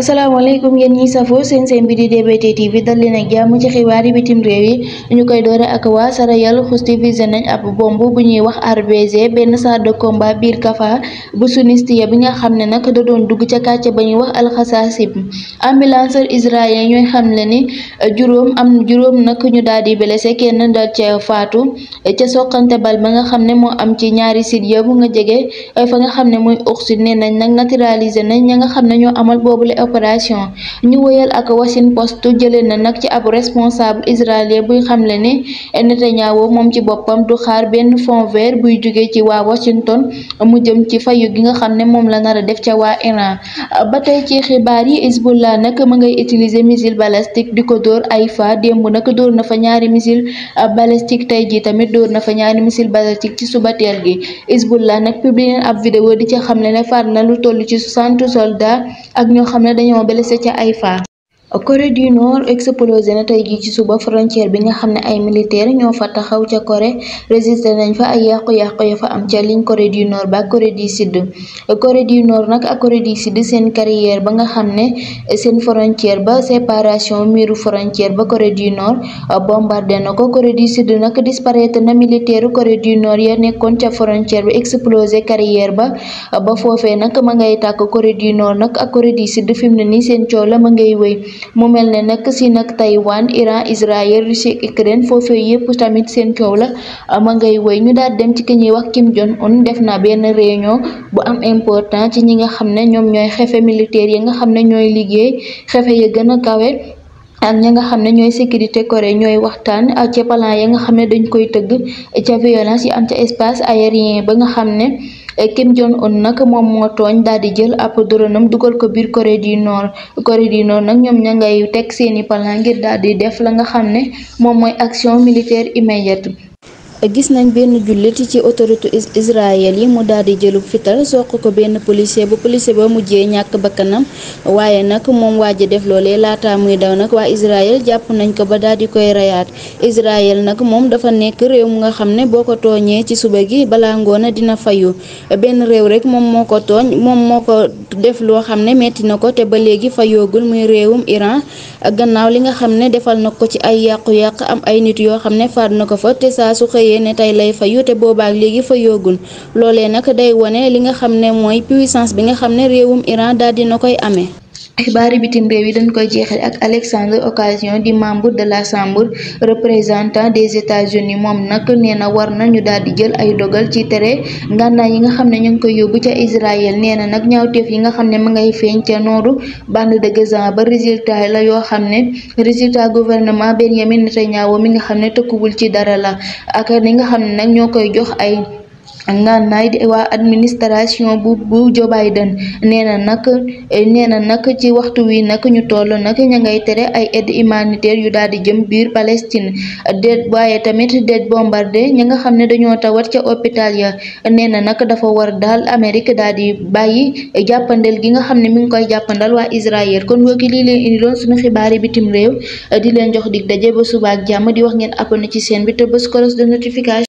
asalaamaaleykum ngeen ñi safoo seen seen bi di DBT TV dal leen ak jàmm ci xibaari bitim réew yi ñu koy doore ak waa Sarayal justifié nañ ab bomb bu ñuy wax RBG benn char de biir Kafa bu Sunisiya bi nga xam ne nag da doon dugg ca kàcce ba ñuy wax alxasaasib ambulanceur israélien ñooy xam ne ni eh, juróom am juróom nag ñu daal di blessé kenn daal ca faatu eh, ca soqante bal ba nga xam ne moo am ci ñaari sit yëpp nga jege eh, fa nga xam ne mooy oxside nañ nag naturalisé nañ ña nga xam opération ñu wëyal ak Washington Post jële na nag ci ab responsable israélien buy xamle ne Netanyahu moom ci boppam du xaar benn fond vert buy jóge ci waa Washington mu jëm ci fayu gi nga xam ne moom la nar a def ca waa Iran ba tey ci xibaar yi Hezbollah nag ma ngay utiliser missile balistique di ko dóor Haïfa démb nag dóor na fa ñaari missile balistique tey jii tamit dóor na fa ñaari missile balistique ci suba teel gi Hezbollah nag publié ab vidéo di ci dañoo blessé ca ay fa Corée du Nord explosé na tey jii ci suba frontière bi nga xam ne ay militaire ñoo fa taxaw ca Corée résisté nañ fa ay yàqu-yàqu ya fa am ca ligne Corée du Nord ba Corée du Sud Corée du Nord nag ak Corée du seen carrière ba nga xam ne seen frontière ba séparation miiru frontière ba Corée du Nord bombardé na ko Corée du Sud nag disparaître na militaire Corée du Nord ya nekkoon ca frontière bi explosé carrière ba ba foofee nag ma ngay tàkk Corée du Nord nag ak Corée du Sud fi mu ne nii seen coow la ma ngay wéy mu mel ne nag si nag Taïwan Iran Israël Russie ak Ukraine foofu yëpp tamit seen coow la ah, ma ngay woy ñu daal dem ci ki ñuy wax Kim Jong Un def naa benn réunion bu am important ci ñi nga xam ne ñoom ñooy xefe militaire yi nga xam ne ñooy liggéey xefe ya gën a kawe ak ñi nga xam ne ñooy sécurité Corée ñooy waxtaan ah, ca plan ya nga xam ne dañ koy tëgg ca violence yi am ca espace aérien ba nga xam ne Eh, Kim Jong on nag moom moo tooñ daal di jël ab doronam dugal ko biir Corée du Nord Corée du Nord nag ñoom ña ngay teg seeni plan ngir daal di def la nga xam ne moom mooy action militaire immédiate gis nañ benn jullit ci autorité israël yi mu daal di jëlub fital soq ko benn policier bu policier ba mujjee ñàkk bakkanam waaye nag moom waaja def loolee laata muy daw nag waa israël jàpp nañ ko ba daal koy reyaat israël nag moom dafa nekk réew mu nga xam ne boo ko tooñee ci suba gi balaa ngoona dina fayu benn réew rek moom moo ko tooñ moom moo ko def loo xam ne metti na ko te ba léegi fayoogul muy réewum Iran gannaaw li nga xam ne defal na ko ci ay yàqu-yàq am ay nit yoo xam ne faat ko communiqué tey lay fa yoote boobaak léegi fa yoogul loolee nag day wone li nga xam ne mooy puissance bi nga xam ne réewum Iran daal dina koy amee xibaari bitim réew yi dañ koy jeexal ak Alexandre Ocasio di membre de la chambre représentant des États-Unis moom nag nee na war na ñu daal di jël ay dogal ci tere ngànnaay yi nga xam ne ñu ngi koy yóbbu ca Israël nee na nag ñaawteef yi nga xam ne ma ngay feeñ ca nooru bande de Gaza ba résultat la yoo xam ne résultat gouvernement Benjamin Netanyahu mi nga xam ne tëkkuwul ci dara la ak ni nga xam ne nag ñoo koy jox ay na nay waa administration bu bu Joe Biden nee na nag eh, nee na nag ci waxtu wi nag ñu toll nag ña ngay tere ay aide humanitaire yu daal di jëm biir Palestine déet waaye tamit déet bombardé ña nga xam ne dañoo tawat ca hôpital ya nee na nag dafa war daal Amérique daal di bàyyi jàppandel gi nga xam ne mu ngi koy jàppandal waa Israël kon wooki lii leen indi loon suñu xibaari bitim réew di leen jox dig daje a suba jàmm di wax ngeen abonné ci seen bi te bés cloche de